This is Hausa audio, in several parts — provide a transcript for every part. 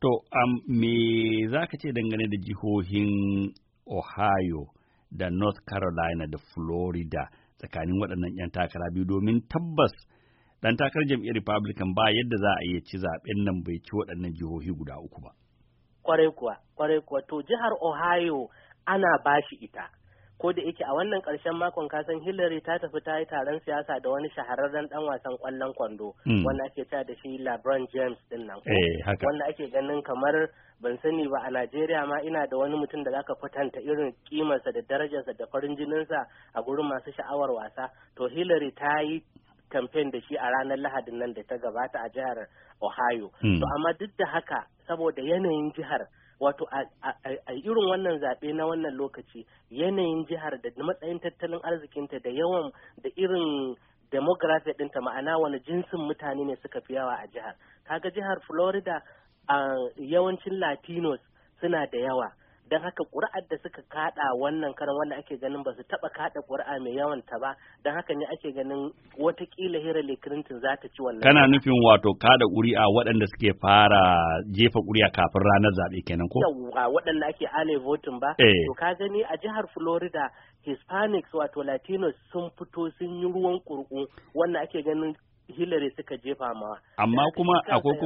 To, um, me za ka ce dangane da jihohin Ohio da North Carolina da Florida tsakanin waɗannan 'yan takara biyu domin tabbas ɗan takarar jam'iyyar Republican ba yadda za a iya ci zaɓen nan bai ci waɗannan jihohi guda uku ba. Kwarai kuwa, kwarai kuwa, to jihar Ohio ana bashi ita. ko da yake a wannan karshen makon kasan hillary ta tafi ta yi taron siyasa da wani shahararren dan wasan kwallon kwando hmm. wanda ake cewa da shi lebron james din nan eh, wanda ake ganin kamar ban sani ba a najeriya ma ina da wani mutum da za ka kwatanta irin kimarsa da darajarsa da farin jininsa a gurin masu sha'awar wasa to hillary ta yi kamfen da shi a ranar lahadin nan da ta gabata a jihar ohio hmm. to amma duk da haka saboda yanayin jihar wato a irin wannan zaɓe na wannan lokaci yanayin jihar da matsayin tattalin arzikinta da yawan da irin demographic ɗinta ma'ana wani jinsin mutane ne suka fi yawa a jihar kaga jihar florida yawancin latinos suna da yawa don haka ƙuri'ar da suka kaɗa wannan karan wanda ake ganin ba su taɓa kaɗa ƙuri'a mai yawan ta ba don haka ne ake ganin watakila hira Clinton za ta ci wannan kana nufin wato kaɗa ƙuri'a waɗanda suke fara jefa ƙuri'a kafin ranar zaɓe kenan ko yawa waɗanda ake ale votin ba eh. to ka gani a jihar Florida Hispanics wato Latinos sun fito sun yi ruwan ƙurƙu wanda ake ganin Hillary suka jefa ma. Amma kuma akwai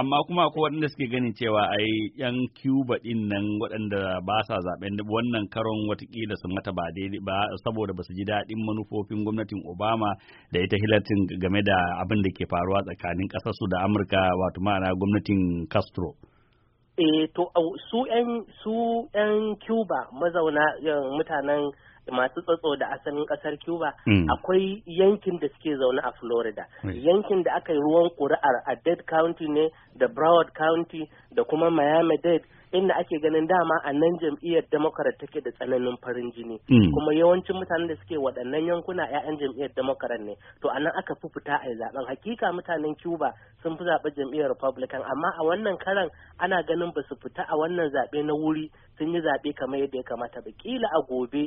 amma kuma akwai waɗanda suke ganin cewa ai yan Cuba din nan waɗanda ba sa zaben wannan karon watakila su mata ba daidai ba saboda ba su ji daɗin manufofin gwamnatin Obama da ita Hillary game da abin da ke faruwa tsakanin ƙasar su da Amurka wato ma'ana gwamnatin Castro. Eh to su 'yan su 'yan Cuba mazauna eh, mutanen masu tsatso da asalin kasar cuba mm. akwai yankin da suke zaune a florida yankin da aka yi ruwan ƙuri'ar a dead county ne da broward county da kuma miami dade inda ake ganin dama a nan jam'iyyar democrat take da tsananin farin jini mm. kuma yawancin mutanen da suke waɗannan yankuna 'ya'yan jam'iyyar democrat ne to a nan aka fi fita a zaben hakika mutanen cuba sun fi zaɓi jam'iyyar republican amma a wannan karan ana ganin ba su fita a wannan zaɓe na wuri sun yi zaɓe kamar yadda ya kamata ba kila a gobe